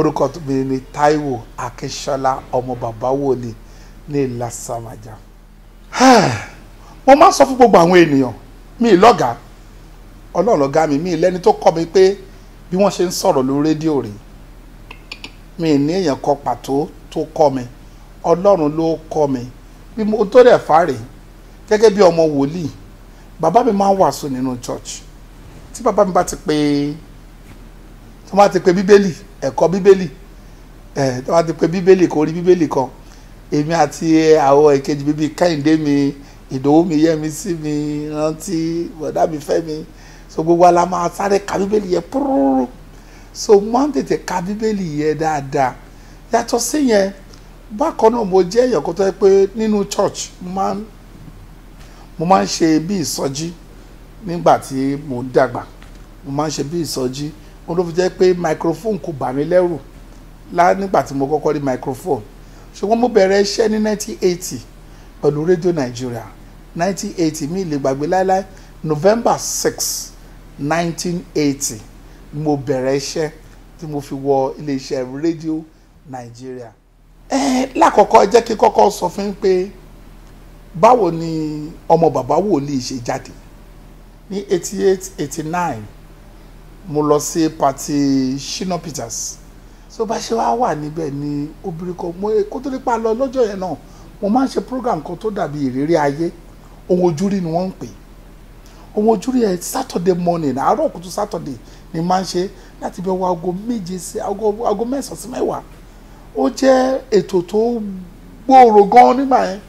orúkọ mi ni Táíwò Akínṣọlá ọmọ bàbá wòlíì ní ìlàsàmàjà mo máa ń sọ fún gbogbo àwọn ènìyàn mi lọ́gàá ọlọ́run lọ́gàá mi mi lẹ́ni tó kọ́ mi pé bí wọ́n ṣe ń sọ̀rọ̀ lórí rédíò rèé mi ní èèyàn kan pàtó tó kọ́ mi ọlọ́run ló kọ́ mi bí mo tó dẹ̀ fàárẹ̀ gẹ́gẹ́ bí ọmọ wòlíì bàbá mi máa ń wàásù nínú church tí bàbá mi bá ti pé tó bá ti pé bíbélì ẹ̀kọ́ bíbélì ẹ̀ tí wọ́n ti pe bíbélì kò rí bíbélì kan èmi àti àwọn èkejì bíbí kẹ́hìndé mi ìdòwú mi yẹ́mi sí mi rántí bọ̀dá mi fẹ́ mi so gbogbo ala máa sáré ka bíbélì yẹn púrúrú so máa ń tètè ka bíbélì yẹn dáadáa yàtọ̀ sí yẹn bákan náà mo jẹ́ èèyàn kó tó yẹ pé nínú church mo máa ń ṣe bí ìsọjí nígbà tí mo dàgbà mo máa ń ṣe bí ìsọjí. So, òun ló fi jẹ́ pé microphone kò bà mí lẹ́rù nígbà tí mo kọ́kọ́ rí microphone ṣùgbọ́n mo bẹ̀rẹ̀ iṣẹ́ ní 1980 pẹ̀lú rédíò nàìjíríà 1980 mi lè gbàgbé láéláé November 6 1980 mo bẹ̀rẹ̀ iṣẹ́ tí mo fi wọ iléeṣẹ́ rédíò nàìjíríà. Eh, lákọ̀ọ́kọ́ jẹ́ kí kọ́kọ́ sọ fún mi pé báwo ni ọmọ bàbá wòlíì ṣe jáde ní eighty eight mo lọ sí pati Shina Peters so bá ṣe wá wà níbẹ̀ ni obìnrin kan mo kó tó nípa lọ lọ́jọ́ yẹn náà mo máa ń ṣe program kan tó dàbí ìrírí ayé ohun ojúrí ni wọ́n ń pè ohun ojúrí ẹ Saturday morning àárọ̀ kùtù Saturday ni máa ń ṣe láti bẹ̀ wọ aago méje sí aago mẹ́sàn-án sí mẹ́wàá ó jẹ́ ètò tó gbòòrò gan-an nígbà yẹn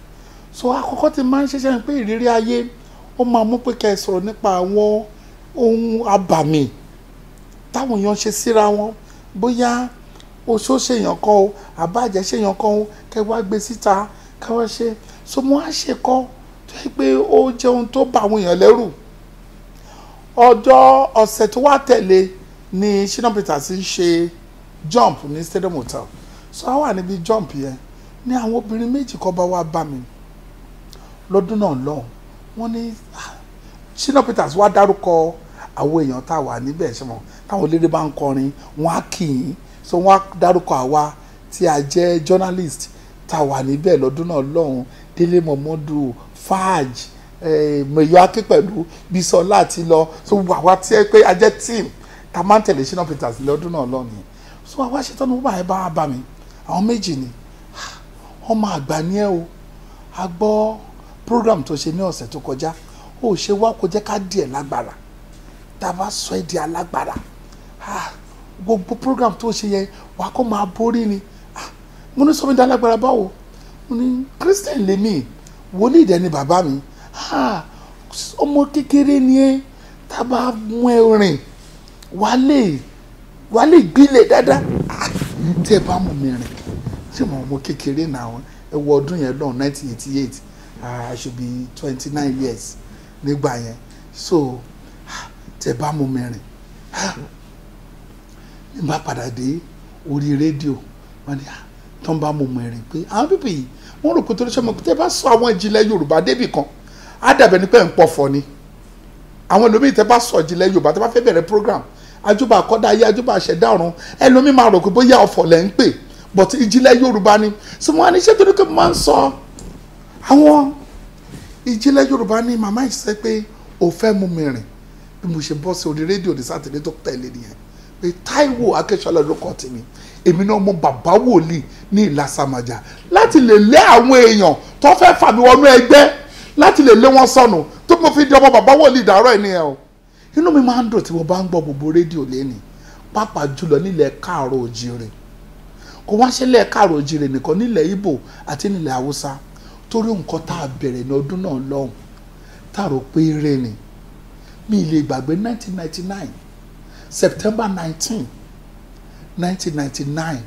so àkọ́kọ́ ti máa ń ṣiṣẹ́ pé ìrírí ayé ó máa mú pé kẹ́ ẹ sọ̀rọ̀ nípa àwọn ohun abàmì táwọn èèyàn ṣe síra wọn bóyá oṣó ṣèyàn kan o àbájẹ ṣèyàn kan o kẹwàá gbé síta kẹwàá ṣe so mo á ṣèkọ tó yẹ pé ó jẹ ohun tó bà àwọn èèyàn lẹ́rù ọjọ́ ọ̀sẹ̀ tó wá tẹ̀lé ni Shina Peters ń ṣe jump ní Stadium Hotel so a wà níbi jump yẹn ní àwọn obìnrin méjì kan bá wá bá mi lọ́dún náà lọ́hùn wọ́n ní ah, Shina Peters wá dárúkọ àwọn èèyàn tá a wà níbẹ̀ ṣe mọ̀ táwọn eléré bá ń kọrin wọ́n á kì í so wọ́n á dárúkọ àwa tí a jẹ́ journalist tá a wà níbẹ̀ lọ́dún náà lọ́hùn délé mọ̀mọ́dù faj eh, mẹ̀yọ́ akẹ́ pẹ̀lú bisola àti lọ so àwa tí ẹ pé a jẹ́ team ta máa ń tẹ̀lé sinop peters lọ́dún náà lọ́hùn yẹn so àwa ṣetán ní báyìí bá bá mi àwọn méjì ni ọmọ àgbà ni ẹ o a gbọ́ program tó ṣe ní ọ̀sẹ̀ tó kọjá ó ṣe wá kó jẹ́ ká díẹ̀ lágbára tá a bá sọ ẹ di alágbára gbogbo program tó ṣe yẹn wà á kọ́ máa borí ni ah, mo ní sọ mi di alágbára báwo mo ní christian lèmi wòlíì dẹni bàbá mi ọmọ kékeré ni ẹ tá a bá mú ẹ rìn wàá lè wàá lè gbilẹ̀ dáadáa ah, tí ẹ bá mú mi rìn ṣé mo ọmọ kékeré náà ẹ wọ ọdún yẹn lọ́hùn nineteen ah, I should be 29 years nígbà yẹn so tẹ bá mú mi rìn ní bá padà dé orí rédíò wọn ni tán bá mú mi rìn pé àwọn pípì yìí wọn rò pé torí sọmọ pé tẹ bá sọ àwọn ìjìnlẹ̀ Yorùbá débì kan á dàbẹ̀ ní pé ń pọ̀fọ̀ ni àwọn ẹlòmíì tẹ bá sọ ìjìnlẹ̀ Yorùbá tẹ bá fẹ́ bẹ̀rẹ̀ program ajúbà àkọ́dá ayé ajúbà àṣẹ̀dá ọ̀run ẹlòmíì máa rò pé bóyá ọ̀fọ̀ lẹ́ ń pè but ìjìnlẹ̀ Yorùbá ni sọ wọn á ní ṣé torí pé mo máa ń sọ àwọn ìjìnlẹ̀ Yorùbá ni màmá ìṣe pé òfẹ́ mú mi rìn bí mo ṣe bọ́ sí orí rédíò ní sátidé tó tẹ̀lé nìyẹn pé Táíwò Akẹ́ṣọlá ló kọ́ tèmi èmi náà mo bàbá wòlíì ní ìlàsàmàjà láti lè lé àwọn èèyàn tó fẹ́ fà mí wọnú ẹgbẹ́ láti lè lé wọn sọnù tó mo fi di ọmọ bàbá wòlíì dàárọ̀ ẹ̀ nìyẹn o inú mi máa ń dùn tí mo bá ń gbọ́ gbogbo rédíò lẹ́nìí pàápàá jùlọ nílẹ̀ káàrọ̀ òjìrè kò wá sílẹ̀ káàrọ̀ òjìrè nìkan nílẹ̀ Ìbò àti nílẹ̀ Haúsá torí nǹkan tá a bẹ̀rẹ̀ ní ọdún náà lọ́hùn tá a rò pé eré mi ì lè gbàgbé 1999 September 19 1999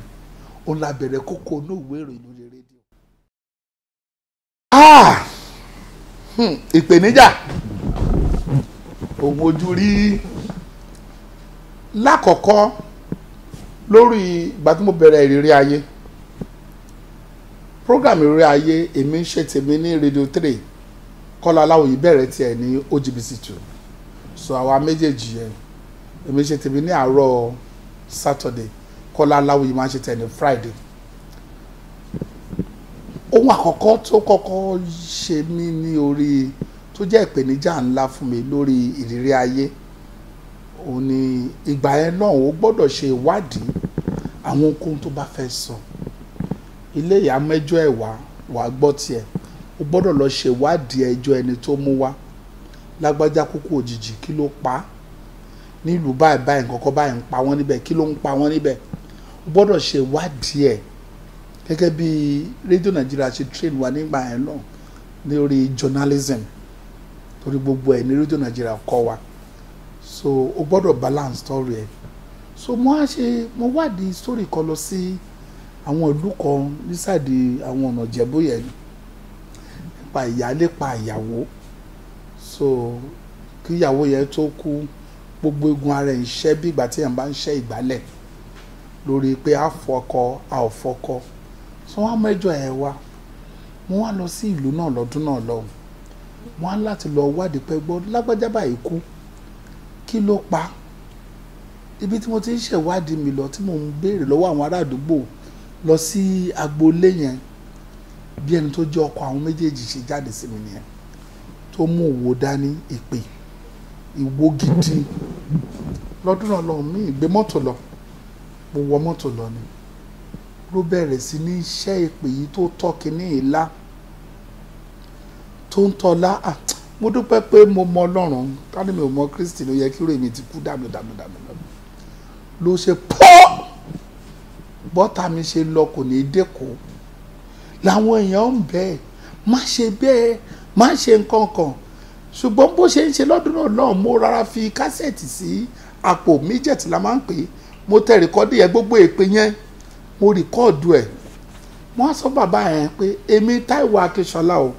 òun la bẹ̀rẹ̀ kókó inú ìwé ìròyìn lórí rédíò. Ah! Hmm, ìpèníjà òun ojú rí lákọ̀ọ́kọ́ lórí ìgbà tí mo bẹ̀rẹ̀ ìrírí ayé program ìrírí ayé èmi ń ṣe tèmi ní rédíò 3 Kọ́lá Aláwòye bẹ̀rẹ̀ tiẹ̀ ní OGBC 2 so àwa méjèèjì yẹn èmi ṣe tèmi ní àárọ̀ Saturday Kọ́lá Aláwìyí máa ń ṣe tẹ̀ Friday ohun àkọ́kọ́ tó kọ́kọ́ ṣe mí ní orí tó jẹ́ ìpèníjà ńlá fún mi lórí ìrírí ayé òun ni ìgbà yẹn náà ó gbọ́dọ̀ ṣe ìwádìí àwọn ohun tó bá fẹ́ sọ ilé ìyá mẹ́jọ ẹ̀ wàá gbọ́ tiẹ̀ ó gbọ́dọ̀ lọ ṣe ìwádìí ẹjọ́ ẹni tó mú wá lágbájá kúkú òjijì kí ló pa á nílùú báyìí báyìí nǹkan kan báyìí ń pa wọ́n níbẹ̀ kí ló ń pa wọ́n níbẹ̀ o gbọ́dọ̀ ṣe wádìí ẹ̀ gẹ́gẹ́ bí rédíò nàìjíríà ṣe train wa nígbà yẹn náà lórí journalism torí gbogbo ẹ̀ ní rédíò nàìjíríà kọ́ wa so o gbọ́dọ̀ balance story ẹ̀ so mo á ṣe mo wádìí story kan lọ sí àwọn ìlú kan nísàdí àwọn ọ̀nà ìjẹ́bóyẹ̀ nípa ìyáálé pa ìyàwó so kíyàwó yẹn tó kú gbogbo egun ara ẹ̀ ń ṣẹ́ bí ìgbà tí ẹ̀ ń bá ń ṣẹ́ ìgbálẹ̀ lórí pé a fọkọ a ò fọkọ so wọn á mẹ́jọ ẹ̀ wá mo wá lọ sí ìlú náà lọ́dún náà lọ́hùn mo á láti lọ wádìí pé gbọ́ lágbájá báyìí kú kí ló pa ibi tí mo ti ń ṣèwádìí mi lọ tí mo ń béèrè lọ́wọ́ àwọn ará àdúgbò lọ sí agboolé yẹn bí ẹni tó jẹ́ ọkọ àwọn méjèèjì ṣe jáde sí mi nìyẹn tó mú òwò dání ìpè ìwo gidi lọ́dún náà lọ́hùn mí ìgbé mọ́tò lọ mo wọ mọ́tò lọ ni ló bẹ̀rẹ̀ sí ní iṣẹ́ ìpè yìí tó tọ́ kínní ìlà tó ń tọ́lá mo dúpẹ́ pé mo mọ ọlọ́run tani mi ò mọ kristi ló yẹ kí rèmi ti kú dànù dànù dànù ló ṣe pọ́ bọ́tà mi ṣe lọ kò ní í dẹ́kọ̀ọ́ làwọn èèyàn ń bẹ́ẹ̀ má ṣe bẹ́ẹ̀ má ṣe nǹkan kan ṣùgbọ́n bó ṣe ń ṣe lọ́dún náà náà mo rárá fi kásẹ̀tì sí àpò méjèèjì la máa ń pè é mo tẹ rìkọ́dì yẹn gbogbo èpè yẹn mo rìkọ́ọ̀dù ẹ̀ wọ́n á sọ bàbá yẹn pé èmi Táíwò Akínsọ́lá o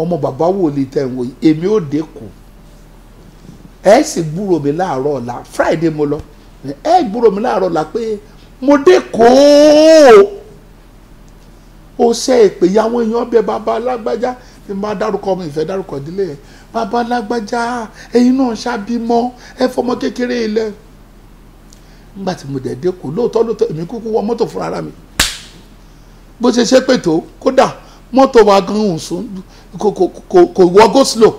ọmọ bàbá wò lè tẹ̀ wọ́n èmi ò dé kù ẹ sì gbúrò mi láàárọ̀ ọ̀la Friday mo lọ ẹ gbúrò mi láàárọ̀ ọ̀la pé mo dé kó ṣe èpè yàwọn èèyàn bẹ bàbá alágbájá tí n bá dárúkọ mi ìfẹ́ dárúkọ ìdílé yẹn bàbá lágbájá ẹ̀yin náà ṣàbímọ ẹ fọmọ kékeré ilẹ̀ nígbà tí mo dẹ̀ dẹ́kun lóòótọ́ lóòótọ́ èmi kúkú wọ mọ́tò fúnra ara mi bó ṣe ṣe pètò kódà mọ́tò wa gan-an sùn kò kò kò wọ́ go slow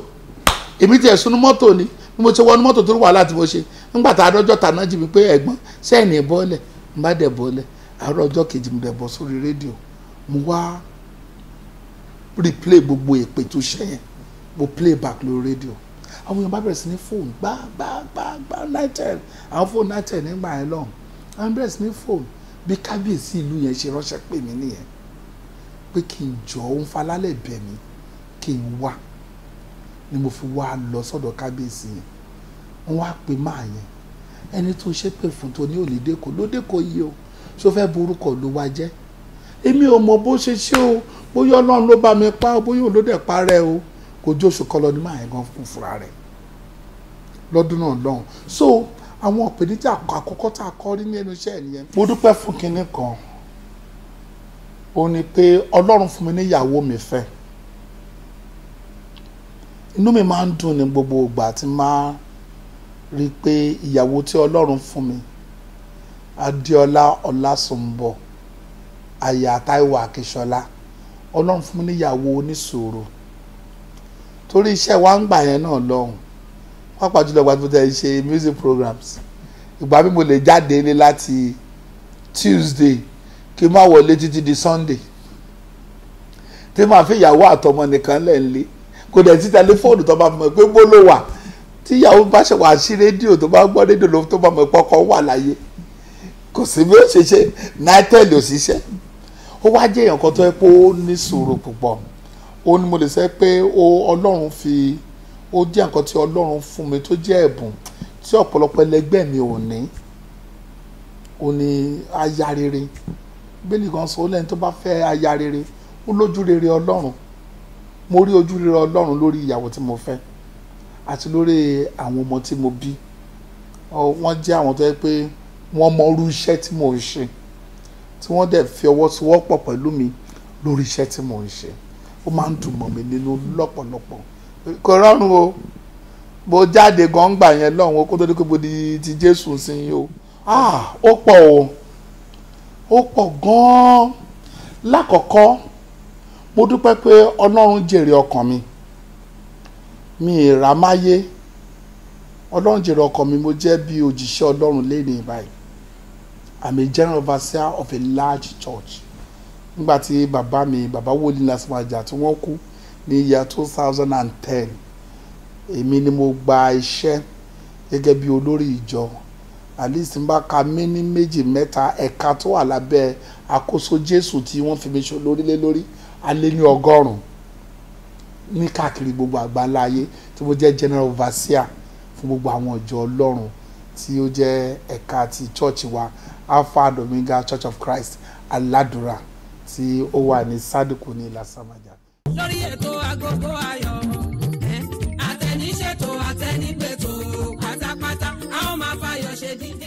èmi tiẹ̀ sunu mọ́tò ni bí mo ṣe wọnú mọ́tò tó wà láti mo ṣe nígbà tá a dọ́jọ́ tàná jì mí pé ẹ̀gbọ́n sẹ́yìn ìbọ́lẹ̀ n bá dẹ̀ bọ́lẹ̀ àárọ̀ ọjọ́ kejì mo dẹ̀ bọ́ sórí rédíò mo wá replay gbogbo èpè tó ṣe yẹn mo play back lórí rédíò àwọn èèyàn bá bẹ̀rẹ̀ sí ní fóònù gbá gbá gbá gbá nitel àwọn fóònù nitel nígbà yẹn lọ́hùn àwọn bẹ̀rẹ̀ sí ní fóònù bí kábíyèsí ìlú yẹn ṣe ránṣẹ́ pè mí nìyẹn pé kí n jọ òun falálẹ̀ bẹ̀ mí kí n wá ni mo fi wá lọ sọ́dọ̀ kábíyèsí yẹn wọ́n wá pè máa yẹn ẹni tó ṣépè fún tó ní òlídẹ́kọ̀ lódẹ́kọ̀ yìí o ṣó fẹ́ borúkọ ló wá jẹ́ èmi ò mọ bó ṣe ṣe o bóyá ọlọ́run ló bá mi pa o bóyá òun ló dẹ̀ parẹ́ o kò jó oṣù kan lọ ní máa yẹn gan fúnra rẹ̀ lọ́dún náà lọ́hùn so àwọn ìpèníjà àkọ́kọ́ tá a kọ́ rí ní ẹnu iṣẹ́ nìyẹn. mo dúpẹ́ fún kinní kan ó ní pé ọlọ́run fún mi ní ìyàwó mi fẹ́ inú mi máa ń dùn ní gbogbo ìgbà tí máa rí i pé ìyàwó tí ọlọ́run fún mi Adéọlá Ọlásùnbọ̀ aya Táíwò Akínsọ́lá ọlọ́run fún mi níyàwó oníṣòro torí iṣẹ́ wa ń gbà yẹn náà lọ́hùn pápá jùlọ gba tó tẹ ṣe music programs ìgbà mi mo lè jáde ilé láti Tuesday kí n má wọlé títí di Sunday tí màá fi ìyàwó àtọmọ nìkan lẹ̀ ń lé kò dẹ̀ ti tẹlifóònù tó bá mọ̀ pé bó ló wà tí ìyàwó bá ṣe wà sí rédíò tó bá gbọ́ rédíò tó bá mọ̀ pé wà láyé kò sí bí ó ṣe ṣe náítẹ́ẹ̀lì òṣìṣẹ́ ó wá jẹ́ èèyàn kan tó yẹ pé ó ní sùúrù púpọ̀ ó ní mo lè sẹ́ pé ó ọlọ́run fi ó jẹ́ nǹkan tí ọlọ́run fún mi tó jẹ́ ẹ̀bùn tí ọ̀pọ̀lọpọ̀ ẹlẹgbẹ́ mi ò ní ó ní aya rere bíbélì kan sọ ó lẹ́ni tó bá fẹ́ aya rere ó lójú rere ọlọ́run mo rí ojú rere ọlọ́run lórí ìyàwó tí mo fẹ́ àti lórí àwọn ọmọ tí mo bí wọ́n jẹ́ àwọn tó yẹ pé wọ́n mọ irú iṣẹ́ tí mo ń ṣe tí wọ́n dẹ̀ fi ọwọ́ sowọ́pọ̀ pẹ̀lú mi lórí iṣẹ́ tí mò ń ṣe ó máa ń dùn mọ́ mi nínú lọ́pọ̀lọpọ̀ kò rọrùn o mo jáde gan gbà yẹn lọ́hùn ó kó tó dé pé di ti Jésù sin o ah, ó pọ̀ o ó pọ̀ gan-an lákọ̀ọ́kọ́ mo dúpẹ́ pé Ọlọ́run jèrè ọkàn mi mi ìrámáyé Ọlọ́run jèrè ọkàn mi mo jẹ́ bí òjìṣẹ́ Ọlọ́run lẹ́yìn báyìí I'm a general overseer of a large church nígbà tí bàbá mi bàbá wòlí Lásìmájà tí wọ́n kú ní year two thousand and ten èmi ni mo gba iṣẹ́ gẹ́gẹ́ bí olórí ìjọ at least n bá ka mí méjì mẹ́ta ẹ̀ka tó wà lábẹ́ àkóso Jésù tí wọ́n fi mi ṣe lórílẹ̀ lórí alẹ́ ní ọgọ́rùn ní káàkiri gbogbo àgbáńlá ayé tí mo jẹ́ general overseer fún gbogbo àwọn ìjọ Ọlọ́run tí ó jẹ́ ẹ̀ka ti chọ́ọ̀chì wa alpha and omega church of christ Aladura. tí ó wà ní sádùkù ní ìlàsàmájà. lórí ètò agogo ayọ̀ àtẹniṣètò àtẹnigbètò pátápátá a ó máa fayọ̀ ṣe dídé.